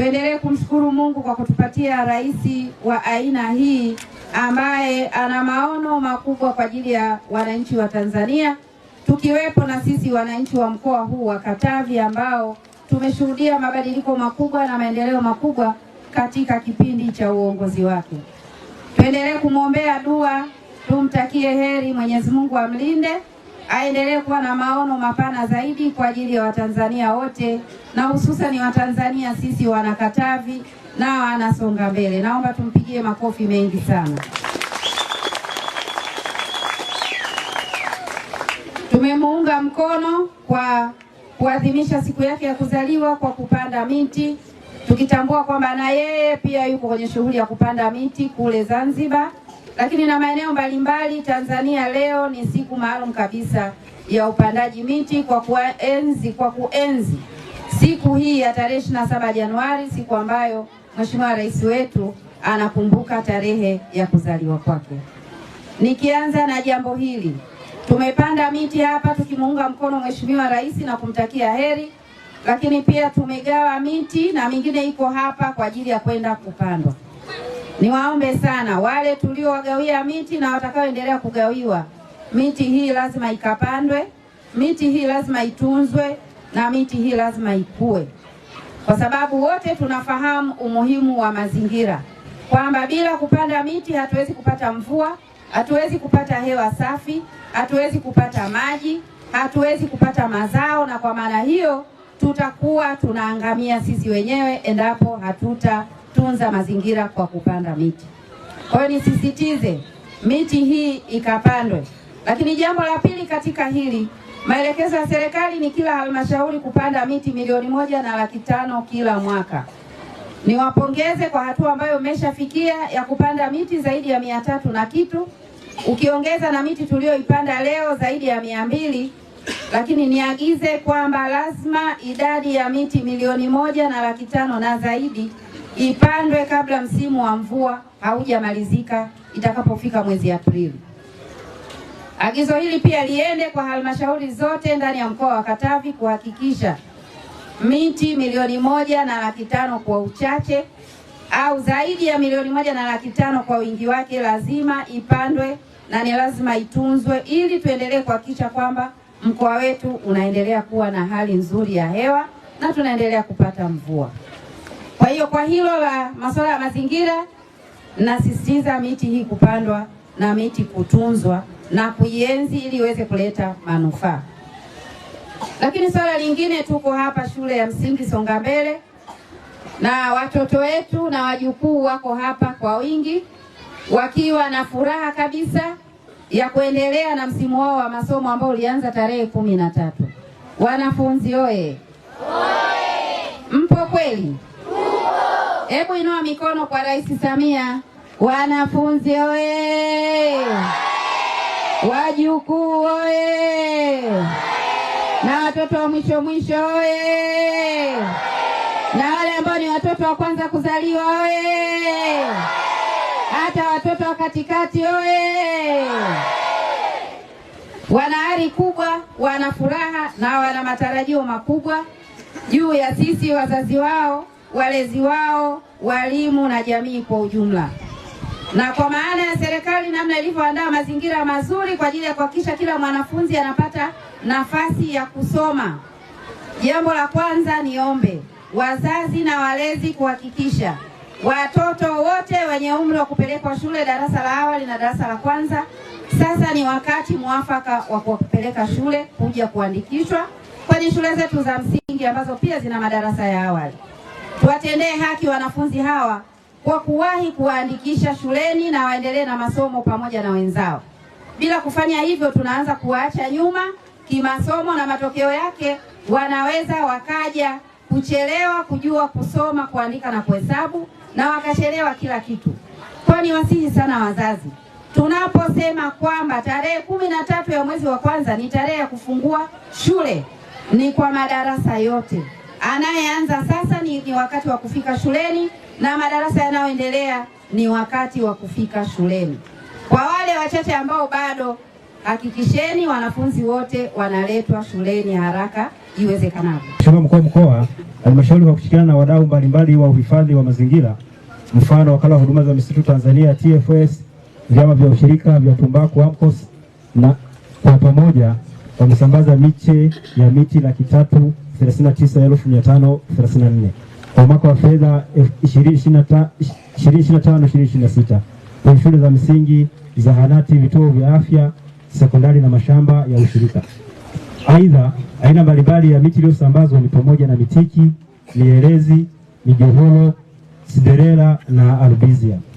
Tuendelee kumshukuru Mungu kwa kutupatia rais wa aina hii ambaye ana maono makubwa kwa ajili ya wananchi wa Tanzania, tukiwepo na sisi wananchi wa mkoa huu wa Katavi ambao tumeshuhudia mabadiliko makubwa na maendeleo makubwa katika kipindi cha uongozi wake. Tuendelee kumwombea dua, tumtakie heri, Mwenyezi Mungu amlinde aendelee kuwa na maono mapana zaidi kwa ajili ya Watanzania wote na hususani Watanzania sisi wanakatavi na wanasonga mbele. Naomba tumpigie makofi mengi sana. Tumemuunga mkono kwa kuadhimisha siku yake ya kuzaliwa kwa kupanda miti, tukitambua kwamba na yeye pia yuko kwenye shughuli ya kupanda miti kule Zanzibar lakini na maeneo mbalimbali Tanzania. Leo ni siku maalum kabisa ya upandaji miti kwa kuenzi, kwa kuenzi siku hii ya tarehe 27 Januari, siku ambayo Mheshimiwa Rais wetu anakumbuka tarehe ya kuzaliwa kwake. Nikianza na jambo hili, tumepanda miti hapa tukimuunga mkono Mheshimiwa Rais na kumtakia heri, lakini pia tumegawa miti na mingine iko hapa kwa ajili ya kwenda kupandwa. Niwaombe sana wale tuliowagawia miti na watakaoendelea kugawiwa miti, hii lazima ikapandwe, miti hii lazima itunzwe na miti hii lazima ikue, kwa sababu wote tunafahamu umuhimu wa mazingira, kwamba bila kupanda miti hatuwezi kupata mvua, hatuwezi kupata hewa safi, hatuwezi kupata maji, hatuwezi kupata mazao, na kwa maana hiyo tutakuwa tunaangamia sisi wenyewe endapo hatutatunza mazingira kwa kupanda miti. Kwa hiyo nisisitize miti hii ikapandwe. Lakini jambo la pili katika hili, maelekezo ya serikali ni kila halmashauri kupanda miti milioni moja na laki tano kila mwaka. Niwapongeze kwa hatua ambayo umeshafikia ya kupanda miti zaidi ya mia tatu na kitu, ukiongeza na miti tuliyoipanda leo zaidi ya mia mbili lakini niagize kwamba lazima idadi ya miti milioni moja na laki tano na zaidi ipandwe kabla msimu wa mvua haujamalizika itakapofika mwezi Aprili. Agizo hili pia liende kwa halmashauri zote ndani ya mkoa wa Katavi kuhakikisha miti milioni moja na laki tano kwa uchache au zaidi ya milioni moja na laki tano kwa wingi wake lazima ipandwe na ni lazima itunzwe ili tuendelee kuhakikisha kwamba mkoa wetu unaendelea kuwa na hali nzuri ya hewa na tunaendelea kupata mvua. Kwa hiyo kwa hilo la masuala ya mazingira, nasisitiza miti hii kupandwa na miti kutunzwa na kuienzi ili iweze kuleta manufaa. Lakini swala lingine, tuko hapa shule ya msingi Songa Mbele na watoto wetu na wajukuu wako hapa kwa wingi wakiwa na furaha kabisa ya kuendelea na msimu wao wa masomo ambao ulianza tarehe kumi na tatu. Wanafunzi oye! Mpo kweli? Hebu inua mikono kwa Rais Samia. Wanafunzi oye! Wajukuu oye! Na watoto wa mwisho mwisho oye! Na wale ambao ni watoto wa kwanza kuzaliwa oye! Watoto wa Katikati oye! Wana ari kubwa, wana furaha na wana matarajio makubwa juu ya sisi wazazi wao, walezi wao, walimu na jamii kwa ujumla. Na kwa maana ya serikali namna ilivyoandaa mazingira mazuri kwa ajili ya kuhakikisha kila mwanafunzi anapata nafasi ya kusoma. Jambo la kwanza niombe wazazi na walezi kuhakikisha watoto wote wenye umri wa kupelekwa shule darasa la awali na darasa la kwanza. Sasa ni wakati mwafaka wa kupeleka shule kuja kuandikishwa kwenye shule zetu za msingi ambazo pia zina madarasa ya awali. Tuwatendee haki wanafunzi hawa kwa kuwahi kuwaandikisha shuleni na waendelee na masomo pamoja na wenzao. Bila kufanya hivyo, tunaanza kuwaacha nyuma kimasomo na matokeo yake wanaweza wakaja kuchelewa kujua kusoma, kuandika na kuhesabu, na wakachelewa kila kitu. Kwa ni wasihi sana wazazi, tunaposema kwamba tarehe kumi na tatu ya mwezi wa kwanza ni tarehe ya kufungua shule, ni kwa madarasa yote. Anayeanza sasa ni, ni wakati wa kufika shuleni na madarasa yanayoendelea ni wakati wa kufika shuleni. Kwa wale wachache ambao bado Hakikisheni wanafunzi wote wanaletwa shuleni haraka iwezekanavyo. Mheshimiwa Mkuu wa Mkoa, halmashauri kwa kushirikiana na wadau mbalimbali wa uhifadhi wa mazingira, mfano wakala wa huduma za misitu Tanzania TFS, vyama vya ushirika vya tumbaku AMCOS, na kwa pamoja wamesambaza miche ya miti laki tatu 39,534 kwa mwaka wa fedha 2025/2026 kwenye shule za msingi, zahanati, vituo vya afya sekondari na mashamba ya ushirika. Aidha, aina mbalimbali ya miti iliyosambazwa ni pamoja na mitiki, mierezi, mijohoro, siderela na albizia.